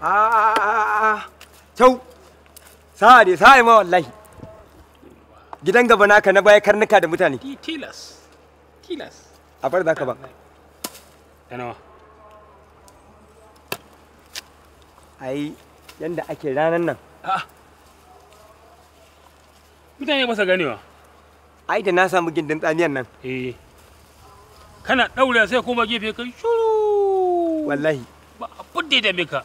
a ah, kyau sa'a dai ma wallahi gidan gaba naka na baya karnuka da mutane tilas tilas a bar ka ba nawa ai yanda ake ranan nan ah. mutane masa ganewa ai da na samu gindin tsamiyan nan eh kana daura sai kuma gefe kai shuru wallahi ba abin da ya dame ka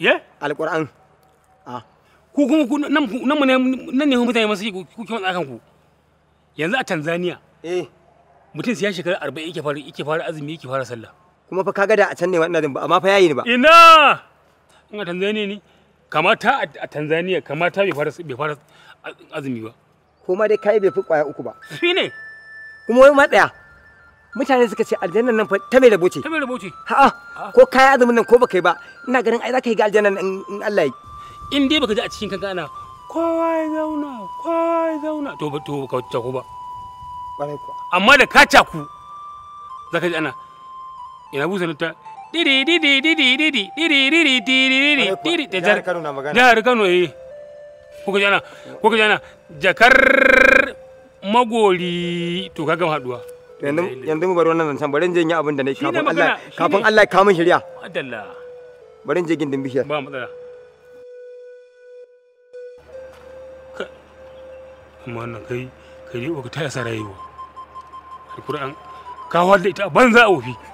ye alquran a ah. ku kuma ku nan nan mu nan ne mutane masu yi kuke wani akan ku yanzu a Tanzania eh mutum sai ya shekara 40 yake fara yake fara azumi yake fara sallah kuma fa kaga da a can ne wannan din ba amma fa yayi ne ba ina in a Tanzania ne kamata a Tanzania kamata bai fara bai fara azumi ba ko ma dai kai bai fi kwaya uku ba shi ne kuma wai ma tsaya. mutane suka ce aljannan nan ta mai rabo ce ta mai rabo ce ha'a ko kai azumin nan ko baka yi ba ina ganin ai zaka yi ga aljannan in Allah yi in dai baka ji a cikin kanka ana kowa ya zauna kowa ya zauna to to ka ko ba amma da ka caku zaka ji ana ina busa ta didi-didi didi-didi. didi didi didi didi da jar Kano na magana jar Kano eh ko ka ji ana ko ka ji ana jakar magori to kaga haduwa yanzu mu bari wannan zancen bari je in yi abin da ne kafin Allah kafin Allah ya kawo min shari'a madalla bari je gindin bishiyar ba matsala amma wannan kai kai ne ba ka taya rayuwa alquran ka da ita banza a wofi